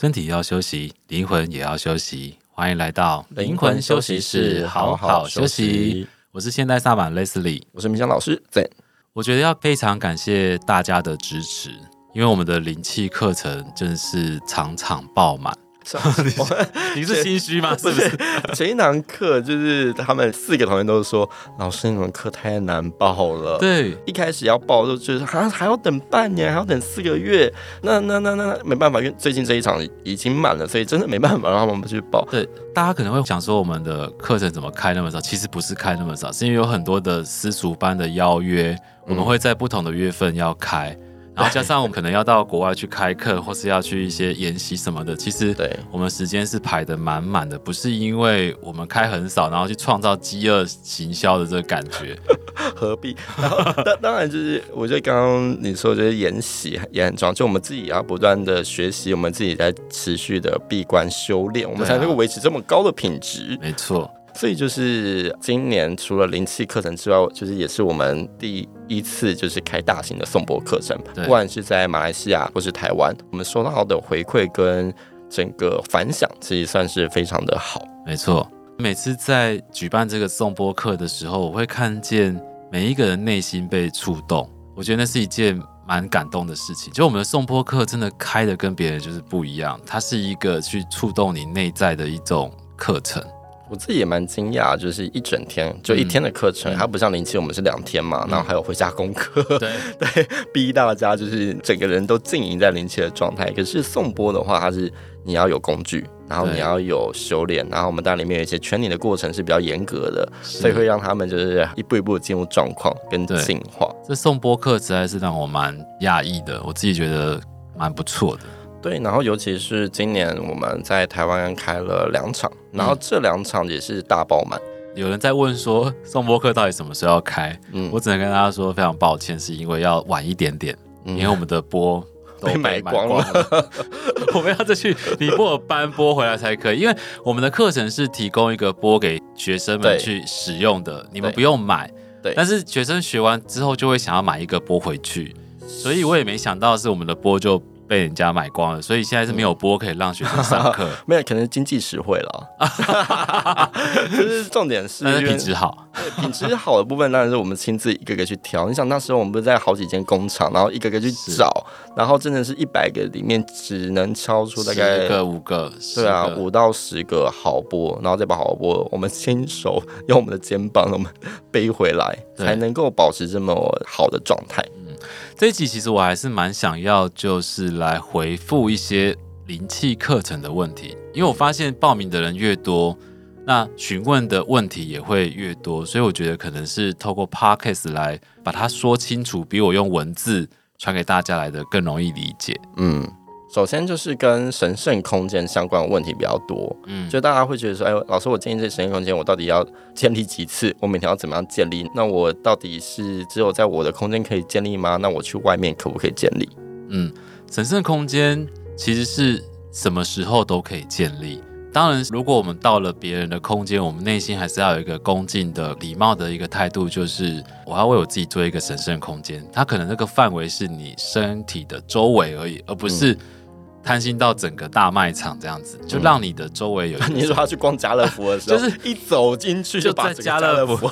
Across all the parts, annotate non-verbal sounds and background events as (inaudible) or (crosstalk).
身體要休息，靈魂也要休息。歡迎來到靈魂休息室，好好休息休息室，好好休息。我是現代薩滿 Leslie，我是明江老師。對，我覺得要非常感謝大家的支持，因為我們的靈氣課程真是場場爆滿。 (laughs) 你是心虛嗎？是不是， (laughs) 前一堂課就是他們四個同學都說，老師你們課太難報了。對，一開始要報就就是還還要等半年，還要等四個月。那那那那沒辦法，因為最近這一場已經滿了，所以真的沒辦法讓他們去報。對，大家可能會想說我們的課程怎麼開那麼少？其實不是開那麼少，是因為有很多的私塾班的邀約，我們會在不同的月份要開。嗯嗯然後加上我們可能要到國外去開課，或是要去一些研習什麼的，其實對我們時間是排得滿滿的，不是因為我們開很少，然後去創造飢餓行銷的這個感覺。何必？當當然就是， (laughs) 我覺得剛剛你說就是研，的覺得研習也很重要，就我們自己要、啊、不斷的學習，我們自己在持續的閉關修煉，我們才能夠維持這麼高的品質。沒錯。所以就是今年除了靈氣課程之外，就是也是我們第一次就是開大型的頌缽課程，對不管是在馬來西亞或是台灣，我們收到的回饋跟整個反響其實算是非常的好。沒錯，每次在舉辦這個頌缽課的時候，我會看見每一個人內心被觸動，我覺得那是一件蠻感動的事情。就我們的頌缽課真的開的跟別人就是不一樣，它是一個去觸動你內在的一種課程。我自己也蠻驚訝，就是一整天就一天的課程，嗯、它不像靈氣我們是兩天嘛，嗯、然後還有回家功課，對對，逼大家就是整個人都浸淫在靈氣的狀態。可是頌缽的話，它是你要有工具，然後你要有修煉，對然後我們當然裡面有一些圈領的過程是比較嚴格的，是所以會讓他們就是一步一步進入狀況跟進化。這頌缽課實在是讓我蠻訝異的，我自己覺得蠻不錯的。對，然後尤其是今年我們在台灣開了兩場，然後這兩場也是大爆滿，嗯。有人在問說，頌缽課到底什麼時候要開？嗯，我只能跟大家說，非常抱歉，是因為要晚一點點，嗯、因為我們的缽被買光了。我們要再去尼泊爾搬缽回來才可以，因為我們的課程是提供一個缽給學生們去使用的，對你們不用買。對，對，但是學生學完之後就會想要買一個缽回去，所以我也沒想到是我們的缽就。被人家買光了，所以現在是沒有缽可以讓學生上課。 (laughs) 沒有，可能經濟實惠了。 (laughs) 就是重點是品質好，品質好的部分當然是我們親自一個個去挑。你 (laughs) 想那時候我們不是在好幾間工廠，然後一個個去找，是然後真的是一百個裡面只能挑出大概十個五個，個個對啊，五到十個好缽，然後再把好缽，我們親手用我們的肩膀，我們背回來，對才能夠保持這麼好的狀態。這一集其實我還是蠻想要，就是來回復一些靈氣課程的問題，因為我發現報名的人越多，那詢問的問題也會越多，所以我覺得可能是透過 podcast 來把它說清楚，比我用文字傳給大家來的更容易理解。嗯。首先就是跟神聖空間相關的問題比較多，嗯，就大家會覺得說，哎，老師，我建立這神聖空間，我到底要建立幾次？我每天要怎麼樣建立？那我到底是只有在我的空間可以建立嗎？那我去外面可不可以建立？嗯，神聖空間其實是什麼時候都可以建立。當然，如果我們到了別人的空間，我們內心還是要有一個恭敬的、禮貌的一個態度，就是我要為我自己做一個神聖空間。它可能這個範圍是你身體的周圍而已，而不是、嗯。貪心到整個大賣場這樣子，就讓你的周圍有人、嗯。你說要去逛家樂福的時候，就是一走進去就把家樂福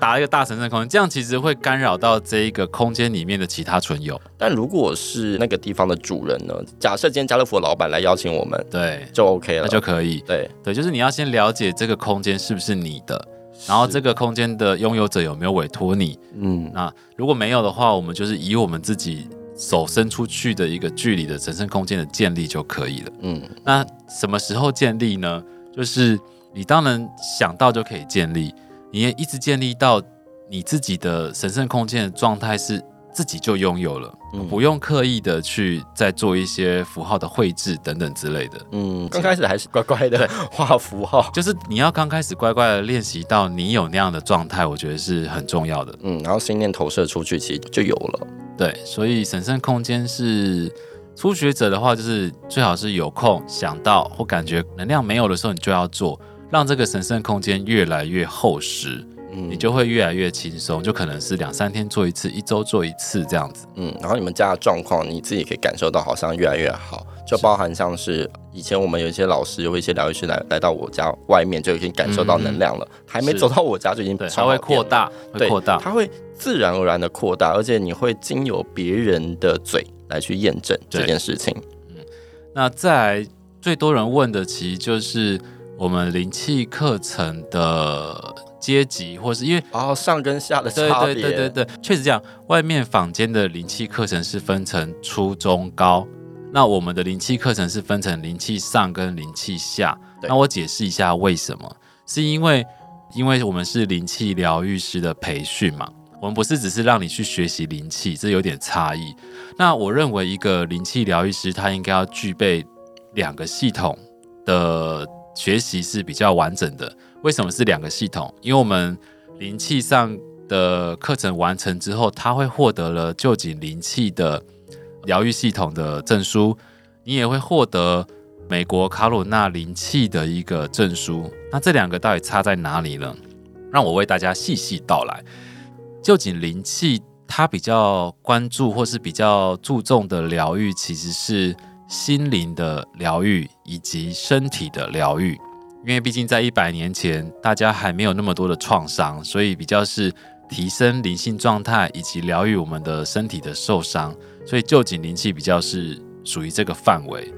打一個大神聖空間，這樣其實會干擾到這一個空間裡面的其他存有。但如果是那個地方的主人呢？假設今天家樂福的老闆來邀請我們，對，就 OK 了，那就可以。對對，就是你要先了解這個空間是不是你的，然後這個空間的擁有者有沒有委託你。嗯，那如果沒有的話，我們就是以我們自己。手伸出去的一個距離的神聖空間的建立就可以了。嗯，那什麼時候建立呢？就是你當然想到就可以建立，你也一直建立到你自己的神聖空間的狀態是自己就擁有了，嗯、不用刻意的去再做一些符號的繪製等等之類的。嗯，剛開始還是乖乖的畫符號，就是你要剛開始乖乖的練習到你有那樣的狀態，我覺得是很重要的。嗯，然後心念投射出去，其實就有了。對，所以神聖空間是初學者的話，就是最好是有空想到或感覺能量沒有的時候，你就要做，讓這個神聖空間越來越厚實，嗯，你就會越來越輕鬆，就可能是兩三天做一次，一周做一次這樣子，嗯。然後你們家的狀況，你自己可以感受到，好像越來越好，是就包含像是以前我們有一些老師，有一些療癒師來來到我家外面，就已經感受到能量了，嗯、還沒走到我家就已經稍微擴大，對，擴大，它會。自然而然的擴大，而且你會經由別人的嘴來去驗證這件事情。嗯，那在最多人問的，其實就是我們靈氣課程的階級，或是因為哦，上跟下的差別。對對對對對，確實這樣。外面坊間的靈氣課程是分成初中高，那我們的靈氣課程是分成靈氣上跟靈氣下。對那我解釋一下為什麼，是因為因為我們是靈氣療癒師的培訓嘛。我們不是只是讓你去學習靈氣，這有點差異。那我認為一個靈氣療癒師，他應該要具備兩個系統的學習是比較完整的。為什麼是兩個系統？因為我們靈氣上的課程完成之後，他會獲得了臼井靈氣的療癒系統的證書，你也會獲得美國卡魯納靈氣的一個證書。那這兩個到底差在哪裡呢？讓我為大家細細道來。臼井靈氣，它比較關注或是比較注重的療癒，其實是心靈的療癒以及身體的療癒。因為畢竟在一百年前，大家還沒有那麼多的創傷，所以比較是提升靈性狀態以及療癒我們的身體的受傷。所以臼井靈氣比較是屬於這個範圍。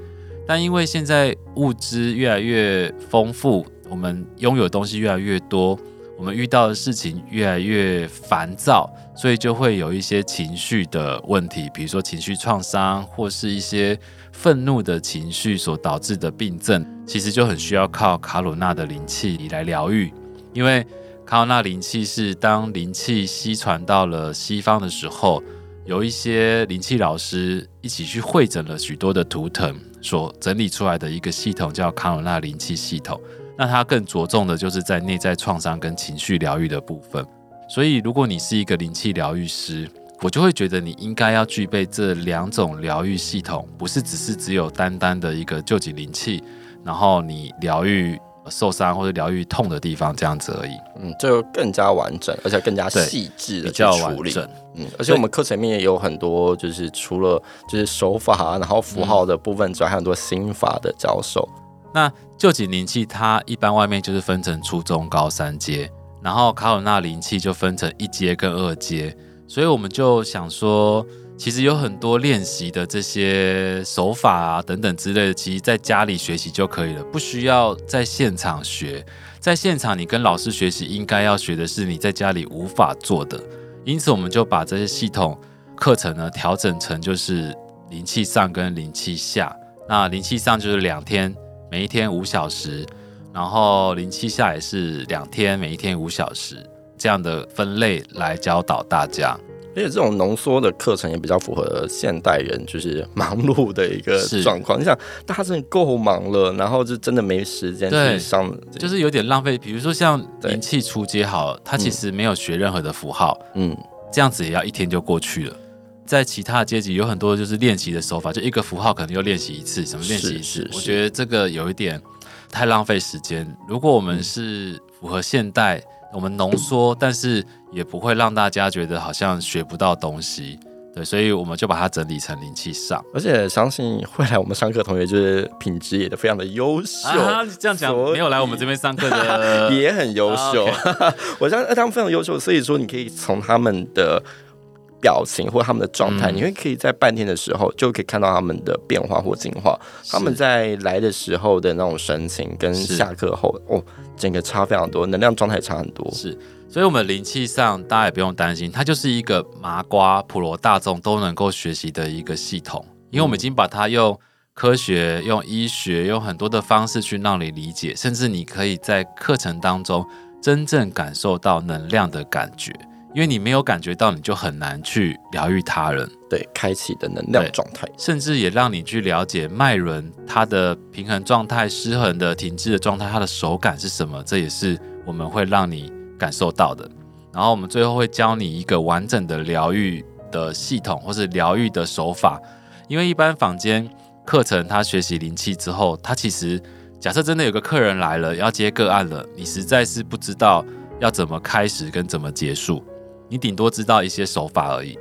但因為現在物資越來越豐富，我們擁有的東西越來越多。我們遇到的事情越來越煩躁，所以就會有一些情緒的問題，比如說情緒創傷或是一些憤怒的情緒所導致的病症，其實就很需要靠卡魯納的靈氣來療癒。因為卡魯納靈氣是當靈氣西傳到了西方的時候，有一些靈氣老師一起去彙整了許多的圖騰，所整理出來的一個系統，叫卡魯納靈氣系統。那他更着重的就是在內在創傷跟情緒療癒的部分，所以如果你是一個靈氣療癒師，我就會覺得你應該要具備這兩種療癒系統，不是只是只有單單的一個臼井靈氣，然後你療癒受傷或者療癒痛的地方這樣子而已。嗯，就更加完整，而且更加細緻的去處理。比較完整。嗯，而且我們課程裡面也有很多，就是除了就是手法，然後符號的部分，主要還有很多心法的教授。那臼井靈氣它一般外面就是分成初、中、高三階，然後卡魯納靈氣就分成一階跟二階，所以我們就想說，其實有很多練習的這些手法啊等等之類的，其實在家裡學習就可以了，不需要在現場學。在現場你跟老師學習，應該要學的是你在家裡無法做的，因此我們就把這些系統課程呢調整成就是靈氣上跟靈氣下。那靈氣上就是兩天。每一天五小時，然後靈氣下也是兩天，每一天五小時這樣的分類來教導大家。而且這種濃縮的課程也比較符合現代人，就是忙碌的一個狀況。是你想，大家真的夠忙了，然後就真的沒時間去上這個，就是有點浪費。比如說像靈氣初階好，對他其實沒有學任何的符號，嗯，這樣子也要一天就過去了。在其他的階級有很多就是練習的手法，就一個符號可能要練習一次，什麼練習一次？我覺得這個有一點太浪費時間。如果我們是符合現代，嗯、我們濃縮，嗯、但是也不會讓大家覺得好像學不到東西。對，所以我們就把它整理成靈氣上。而且相信會來我們上課的同學，就是品質也都非常的優秀，啊哈哈。這樣講，以沒有來我們這邊上課的 (laughs) 也很優秀。啊 okay， (laughs) 我相信他們非常優秀，所以說你可以從他們的。表情或他們的狀態，嗯、你會可以在半天的時候就可以看到他們的變化或進化。是他們在來的時候的那種神情，跟下課後是哦，整個差非常多，能量狀態差很多。是，所以，我們靈氣上大家也不用擔心，它就是一個麻瓜普羅大眾都能夠學習的一個系統。因為我們已經把它用科學、用醫學、用很多的方式去讓你理解，甚至你可以在課程當中真正感受到能量的感覺。因為你沒有感覺到，你就很難去療癒他人。對，開啟的能量狀態，甚至也讓你去了解脈輪它的平衡狀態、失衡的停滯的狀態，它的手感是什麼？這也是我們會讓你感受到的。然後我們最後會教你一個完整的療癒的系統，或是療癒的手法。因為一般坊間課程，他學習靈氣之後，他其實假設真的有個客人來了要接個案了，你實在是不知道要怎麼開始跟怎麼結束。你頂多知道一些手法而已，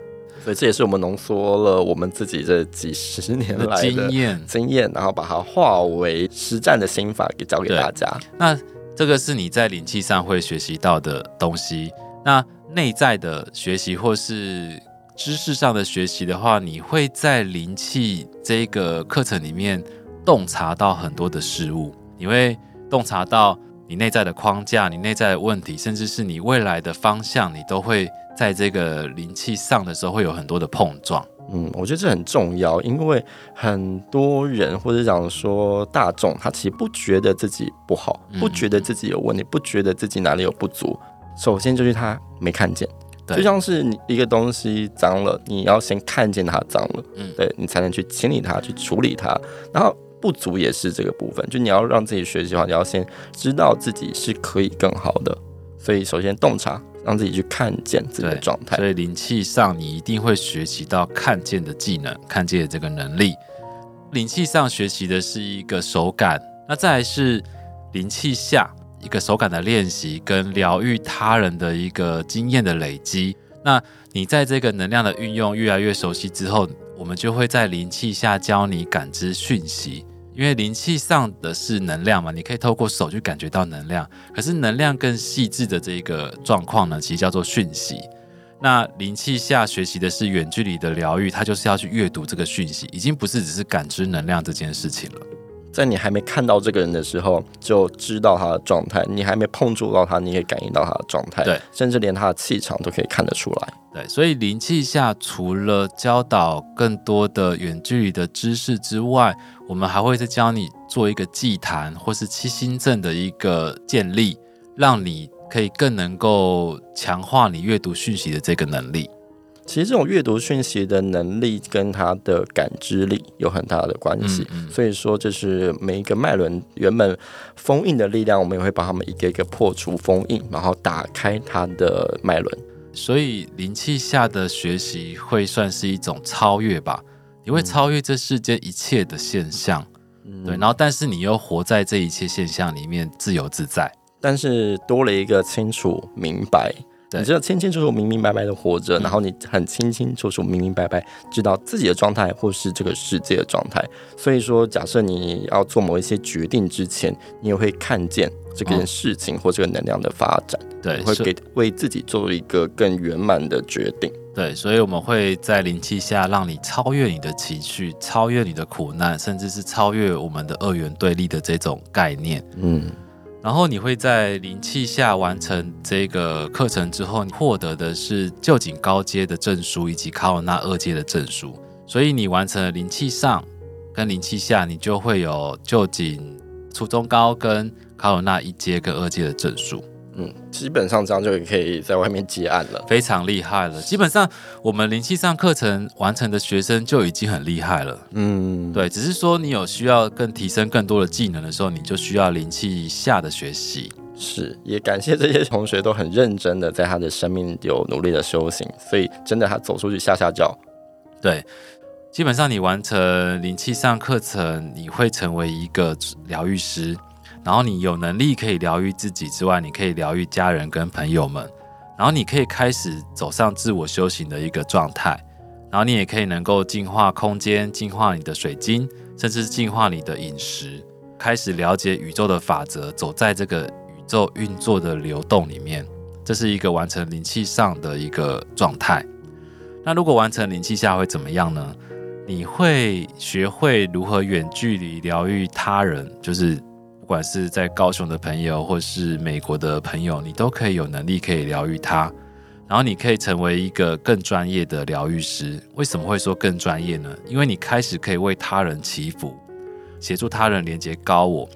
所以這也是我們濃縮了我們自己這幾十年的經驗，經驗，然後把它化為實戰的心法給教給大家。那這個是你在靈氣上會學習到的東西。那內在的學習或是知識上的學習的話，你會在靈氣這個課程裡面洞察到很多的事物，你會洞察到。你內在的框架，你內在的問題，甚至是你未來的方向，你都會在這個靈氣上的時候會有很多的碰撞。嗯，我覺得這很重要，因為很多人或者講說大眾，他其實不覺得自己不好，嗯，不覺得自己有問題，不覺得自己哪裡有不足。首先就是他沒看見，對就像是你一個東西髒了，你要先看見它髒了，嗯，對你才能去清理它，去處理它，然後。不足也是這個部分，就你要讓自己學習的話，你要先知道自己是可以更好的，所以首先洞察，讓自己去看見自己的狀態。所以靈氣上，你一定會學習到看見的技能，看見的這個能力。靈氣上學習的是一個手感，那再來是靈氣下一個手感的練習跟療癒他人的一個經驗的累積。那你在這個能量的運用越來越熟悉之後，我們就會在靈氣下教你感知訊息。因為靈氣上的是能量嘛，你可以透過手去感覺到能量。可是能量更細緻的這個狀況呢，其實叫做訊息。那靈氣下學習的是遠距離的療癒，它就是要去閱讀這個訊息，已經不是只是感知能量這件事情了。在你還沒看到這個人的時候，就知道他的狀態；你還沒碰觸到他，你也可以感應到他的狀態。對，甚至連他的氣場都可以看得出來。對，所以靈氣下，除了教導更多的遠距離的知識之外，我們還會再教你做一個祭壇，或是七星陣的一個建立，讓你可以更能夠強化你閱讀訊息的這個能力。其實這種閱讀訊息的能力跟他的感知力有很大的關係，嗯嗯、所以說就是每一個脈輪原本封印的力量，我們也會把他們一個一個破除封印，然後打開他的脈輪。所以靈氣下的學習會算是一種超越吧？你會超越這世間一切的現象，嗯、對，然後但是你又活在這一切現象裡面自由自在，但是多了一個清楚明白。對你知道清清楚楚、明明白白的活着，然後你很清清楚楚、明明白白知道自己的狀態或是這個世界的狀態。所以說，假設你要做某一些決定之前，你也會看見這個件事情或這個能量的發展，嗯、對，會給為自己做一個更圓滿的決定。對，所以我們會在靈氣下讓你超越你的情緒，超越你的苦難，甚至是超越我們的二元對立的這種概念。嗯。然後你會在靈氣下完成這個課程之後，你獲得的是臼井高階的證書以及卡魯納二階的證書。所以你完成了靈氣上跟靈氣下，你就會有臼井初中高跟卡魯納一階跟二階的證書。嗯，基本上這樣就可以在外面接案了，非常厲害了。基本上我們靈氣上課程完成的學生就已經很厲害了。嗯，對，只是說你有需要更提升更多的技能的時候，你就需要靈氣下的學習。是，也感謝這些同學都很認真的在他的生命有努力的修行，所以真的他走出去嚇嚇叫。對，基本上你完成靈氣上課程，你會成為一個療癒師。然後你有能力可以療癒自己之外，你可以療癒家人跟朋友們，然後你可以開始走上自我修行的一個狀態，然後你也可以能夠淨化空間、淨化你的水晶，甚至淨化你的飲食，開始了解宇宙的法則，走在這個宇宙運作的流動裡面，這是一個完成靈氣上的一個狀態。那如果完成靈氣下會怎麼樣呢？你會學會如何遠距離療癒他人，就是。不管是在高雄的朋友，或是美國的朋友，你都可以有能力可以療癒他，然後你可以成為一個更專業的療癒師。為什麼會說更專業呢？因為你開始可以為他人祈福，協助他人連接高我。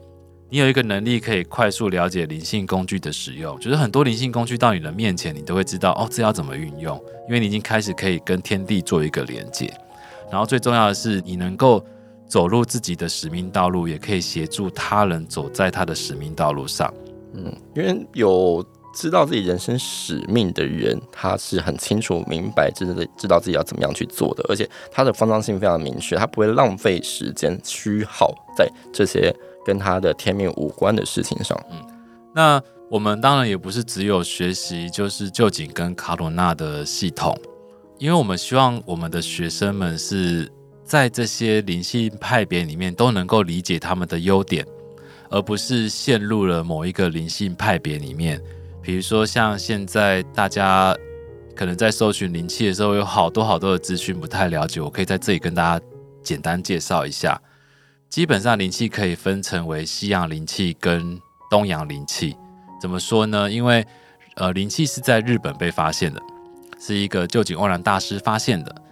你有一個能力可以快速了解靈性工具的使用，就是很多靈性工具到你的面前，你都會知道哦，這要怎麼運用？因為你已經開始可以跟天地做一個連接，然後最重要的是，你能夠。走入自己的使命道路，也可以協助他人走在他的使命道路上。嗯，因為有知道自己人生使命的人，他是很清楚明白，就是知道自己要怎麼樣去做的，而且他的方向性非常明確，他不會浪費時間虛耗在這些跟他的天命無關的事情上。嗯，那我們當然也不是只有學習就是臼井跟卡魯納的系統，因為我們希望我們的學生們是。在這些靈性派別裡面，都能夠理解他們的優點，而不是陷入了某一個靈性派別裡面。比如說，像現在大家可能在搜尋靈氣的時候，有好多好多的資訊不太了解，我可以在這裡跟大家簡單介紹一下。基本上，靈氣可以分成為西洋靈氣跟東洋靈氣。怎麼說呢？因為呃，靈氣是在日本被發現的，是一個臼井甕男大師發現的。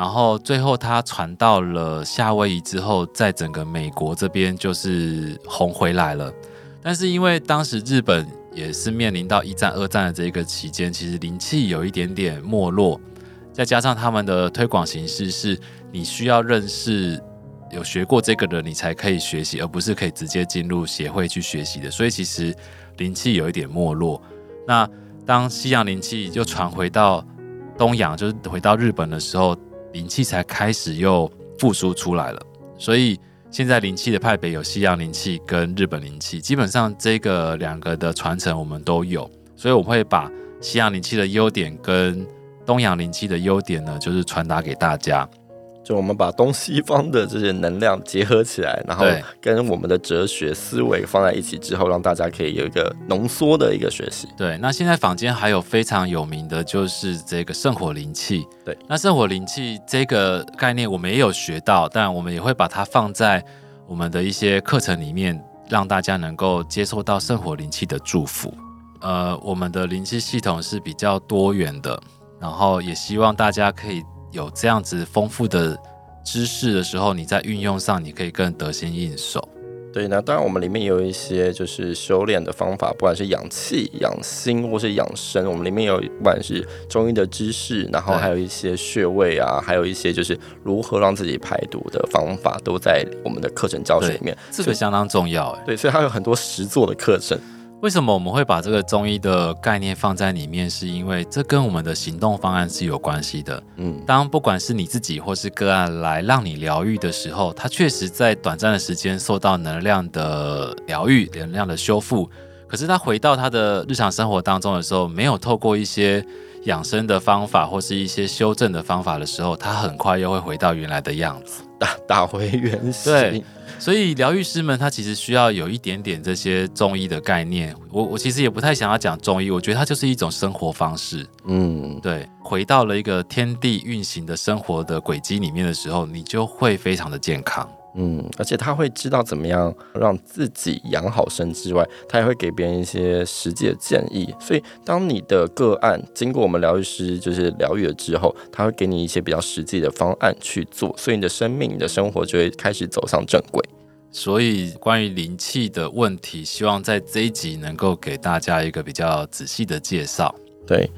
然後最後它傳到了夏威夷之後，在整個美國這邊就是紅回來了。但是因為當時日本也是面臨到一戰、二戰的這個期間，其實靈氣有一點點沒落。再加上他們的推廣形式是你需要認識有學過這個的，你才可以學習，而不是可以直接進入協會去學習的。所以其實靈氣有一點沒落。那當西洋靈氣就傳回到東洋，就是回到日本的時候，靈氣才開始又復甦出來了，所以現在靈氣的派別有西洋靈氣跟日本靈氣，基本上這個兩個的傳承我們都有，所以我們會把西洋靈氣的優點跟東洋靈氣的優點呢，就是傳達給大家。就我們把東西方的這些能量結合起來，然後跟我們的哲學思維放在一起之後，讓大家可以有一個濃縮的一個學習。對，那現在坊間還有非常有名的就是這個聖火靈氣。對，那聖火靈氣這個概念我們也有學到，但我們也會把它放在我們的一些課程裡面，讓大家能夠接受到聖火靈氣的祝福。呃，我們的靈氣系統是比較多元的，然後也希望大家可以。有這樣子豐富的知識的時候，你在運用上你可以更得心應手。對，那當然我們裡面也有一些就是修煉的方法，不管是養氣、養心或是養生，我們裡面有不管是中醫的知識，然後還有一些穴位啊，對還有一些就是如何讓自己排毒的方法，都在我們的課程教學裡面。這個相當重要，欸，對，所以它有很多實作的課程。為什麼我們會把這個中醫的概念放在裡面？是因為這跟我們的行動方案是有關係的。嗯，當不管是你自己或是個案來讓你療癒的時候，它確實在短暫的時間受到能量的療癒、能量的修復。可是它回到它的日常生活當中的時候，沒有透過一些養生的方法或是一些修正的方法的時候，它很快又會回到原來的樣子，打打回原形。對。所以療癒師們，他其實需要有一點點這些中醫的概念。我我其實也不太想要講中醫，我覺得它就是一種生活方式。嗯，對，回到了一個天地運行的生活的軌跡裡面的時候，你就會非常的健康。嗯，而且他會知道怎麼樣讓自己養好身之外，他也會給別人一些實際的建議。所以，當你的個案經過我們療癒師就是療癒了之後，他會給你一些比較實際的方案去做，所以你的生命、你的生活就會開始走上正軌。所以，關於靈氣的問題，希望在這一集能夠給大家一個比較仔細的介紹。對，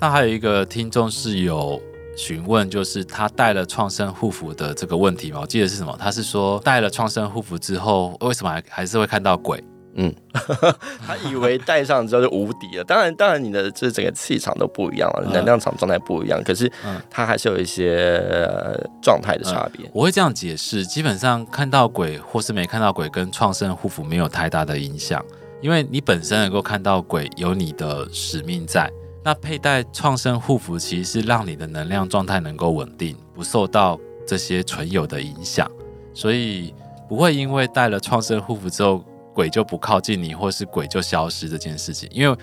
那還有一個聽眾是有，詢問就是他戴了創聖護符的這個問題嗎？我記得是什麼？他是說戴了創聖護符之後，為什麼還還是會看到鬼？嗯呵呵，他以為戴上之後就無敵了。 (laughs) 當然，當然你的這整個氣場都不一樣了、啊，能、嗯、量場狀態不一樣。可是，他還是有一些、嗯呃嗯、狀態的差別。我會這樣解釋：基本上看到鬼或是沒看到鬼，跟創聖護符沒有太大的影響，因為你本身能夠看到鬼，有你的使命在。那佩戴創聖護符，其實是讓你的能量狀態能夠穩定，不受到這些存有的影響，所以不會因為帶了創聖護符之後，鬼就不靠近你，或是鬼就消失這件事情。因為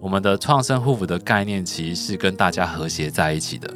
我們的創聖護符的概念，其實是跟大家和諧在一起的，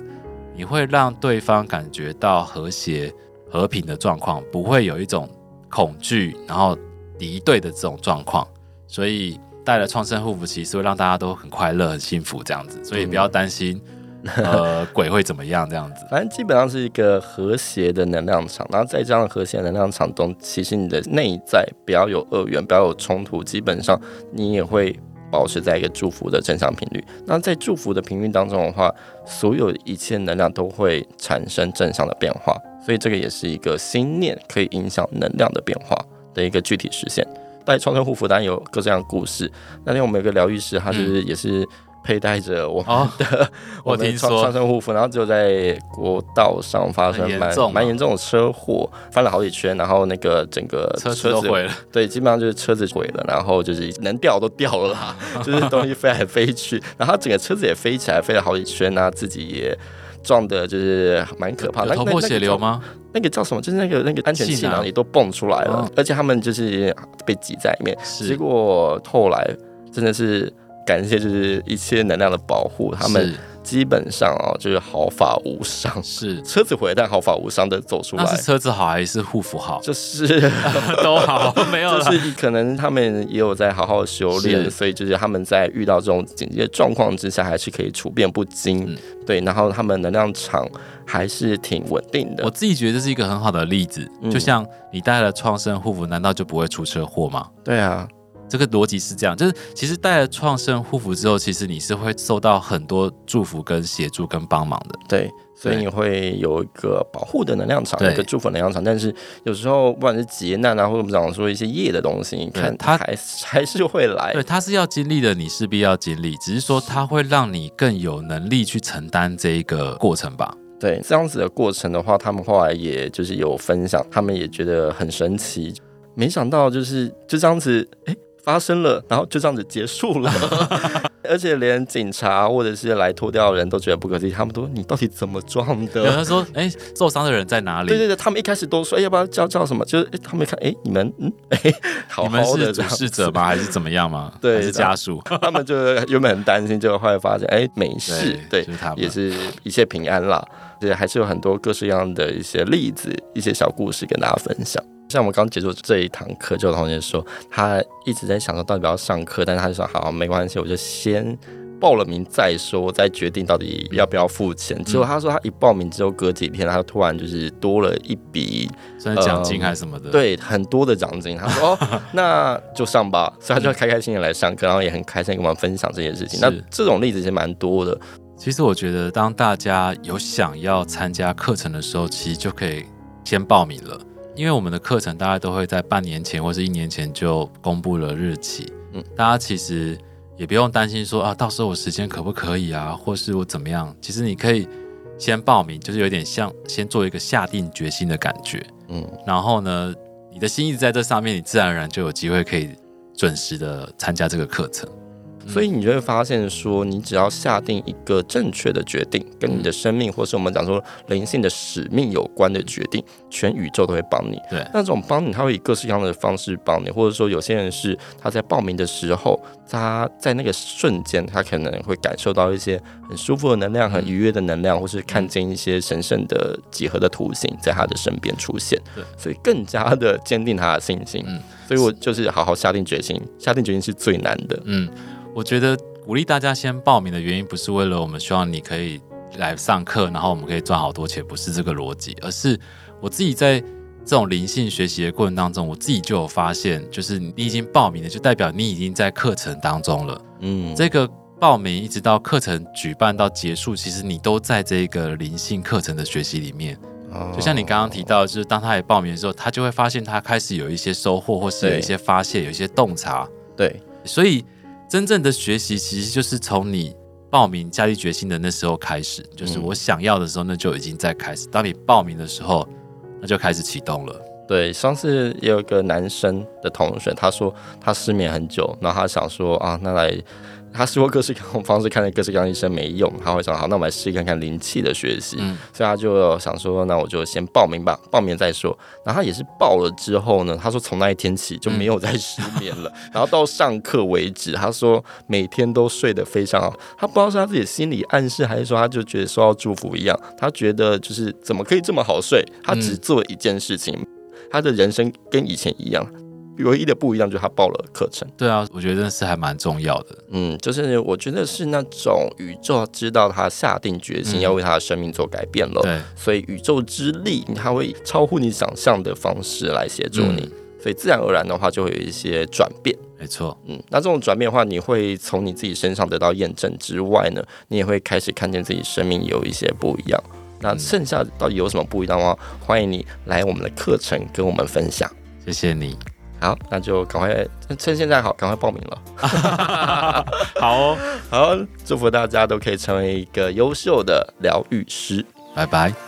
你會讓對方感覺到和諧和平的狀況，不會有一種恐懼，然後敵對的這種狀況，所以。帶了創聖護符，其實會讓大家都很快樂、很幸福這樣子，所以不要擔心，嗯、呃，鬼會怎麼樣這樣子。 (laughs) 反正基本上是一個和諧的能量場，然後在這樣的和諧能量場中，其實你的內在不要有惡緣，不要有衝突，基本上你也會保持在一個祝福的正向頻率。那在祝福的頻率當中的話，所有一切能量都會產生正向的變化，所以這個也是一個心念可以影響能量的變化的一個具體實現。在創聖護符，當然有各種各樣故事。那天我們有個療癒師，他就是也是佩戴着我們的、嗯、我們創聖護符，然後就在國道上發生蠻蠻嚴重的車禍，翻了好幾圈，然後那個整個車子毀了，對，基本上就是車子毀了，然後就是能掉都掉了，啦， (laughs) 就是東西飛來飛去，然後整個車子也飛起來，飛了好幾圈然、啊、後自己也。撞的就是蠻可怕的，頭破血流嗎？那那、那個，那個叫什麼？就是那個那個安全氣囊也都蹦出來了，哦、而且他們就是被擠在裡面。是結果後來真的是感謝，就是一切能量的保護，他們。基本上啊，就是毫髮無傷。是車子毀，但毫髮無傷的走出來。是車子好還是護符好？就是 (laughs) 都好，沒有。就是可能他們也有在好好修煉，是所以就是他們在遇到這種緊急狀況之下，還是可以處變不驚。嗯、對，然後他們能量場還是挺穩定的。我自己覺得這是一個很好的例子。嗯、就像你帶了創聖護符，難道就不會出車禍嗎？對啊。這個邏輯是這樣，就是其實帶了創聖護符之後，其實你是會受到很多祝福，跟協助，跟幫忙的。對，所以你會有一個保護的能量場，對一個祝福的能量場。但是有時候不管是劫難啊，或者我們講說一些業的東西，你對看它還他還是會來。對，它是要經歷的，你勢必要經歷，只是說它會讓你更有能力去承擔這一個過程吧。對，這樣子的過程的話，他們後來也就是有分享，他們也覺得很神奇，沒想到就是就這樣子，欸發生了，然後就這樣子結束了， (laughs) 而且連警察或者是來拖吊的人都覺得不可思議，他們都說你到底怎麼撞的？然後他說，哎、欸，受傷的人在哪裡？對對對，他們一開始都說、欸、要不要叫叫什麼？就是、欸、他們一看，哎、欸，你們，嗯欸、好好你們是主事者嗎？還是怎麼樣嗎？對，是家屬， (laughs) 他們就原本很擔心，結果發現哎、欸、沒事，對，對是他也是一切平安了。對，還是有很多各式各樣的一些例子、一些小故事跟大家分享。像我們剛結束這一堂課，就有同學說他一直在想說到底要不要上課，但是他就說好沒關係，我就先報了名再說，再決定到底要不要付錢。嗯、結果他說他一報名之後隔幾天，他就突然就是多了一筆算是獎金還是什麼的、嗯，對，很多的獎金。他說哦，那就上吧， (laughs) 所以他就開開心心來上課，然後也很開心跟我們分享這件事情。是那這種例子其實蠻多的。其實我覺得，當大家有想要參加課程的時候，其實就可以先報名了。因為我們的課程大概都會在半年前或是一年前就公布了日期，嗯，大家其實也不用擔心說啊，到時候我時間可不可以啊，或是我怎麼樣，其實你可以先報名，就是有點像先做一個下定決心的感覺，嗯，然後呢，你的心一直在這上面，你自然而然就有機會可以準時的參加這個課程。所以你就會發現，說你只要下定一個正確的決定，跟你的生命，嗯、或是我們講說靈性的使命有關的決定，嗯、全宇宙都會幫你。對，那種幫你，他會以各式各樣的方式幫你。或者說，有些人是他在報名的時候，他在那個瞬間，他可能會感受到一些很舒服的能量，很愉悅的能量，嗯、或是看見一些神聖的幾何的圖形在他的身邊出現。對，所以更加的堅定他的信心。嗯，所以我就是好好下定決心，下定決心是最難的。嗯。我覺得鼓勵大家先報名的原因，不是為了我們希望你可以來上課，然後我們可以賺好多錢，不是這個邏輯，而是我自己在這種靈性學習的過程當中，我自己就有發現，就是你已經報名了，就代表你已經在課程當中了。嗯，這個報名一直到課程舉辦到結束，其實你都在這個靈性課程的學習裡面。哦、就像你剛剛提到，就是當他也報名的時候，他就會發現他開始有一些收穫，或是有一些發洩，對有一些洞察。對，所以。真正的學習其實就是從你報名下定決心的那時候開始，就是我想要的時候，那就已經在開始。嗯，當你報名的時候，那就開始啟動了。對，上次也有一個男生的同學，他說他失眠很久，然後他想說啊，那來。他說各式各樣的方式，看了各式各樣的醫生沒用，他會想，好，那我們來試試看看靈氣的學習。嗯、所以他就想說，那我就先報名吧，報名再說。然後他也是報了之後呢，他說從那一天起就沒有再失眠了。嗯、 (laughs) 然後到上課為止，他說每天都睡得非常好。他不知道是他自己心理暗示，還是說他就覺得收到祝福一樣，他覺得就是怎麼可以這麼好睡？他只做一件事情，嗯、他的人生跟以前一樣。唯一的不一樣就是他報了課程。對啊，我覺得是還蠻重要的。嗯，就是我覺得是那種宇宙知道他下定決心、嗯、要為他的生命做改變了，對，所以宇宙之力他會超乎你想象的方式來協助你，嗯、所以自然而然的話就會有一些轉變。沒錯錯，嗯，那這種轉變的話，你會從你自己身上得到驗證之外呢，你也會開始看見自己生命有一些不一樣。嗯、那剩下到底有什麼不一樣的話？歡迎你來我們的課程跟我們分享。謝謝你。好，那就趕快趁現在，好，趕快報名了。 (laughs) (laughs) 好哦，好，祝福大家都可以成為一個優秀的療癒師。拜拜。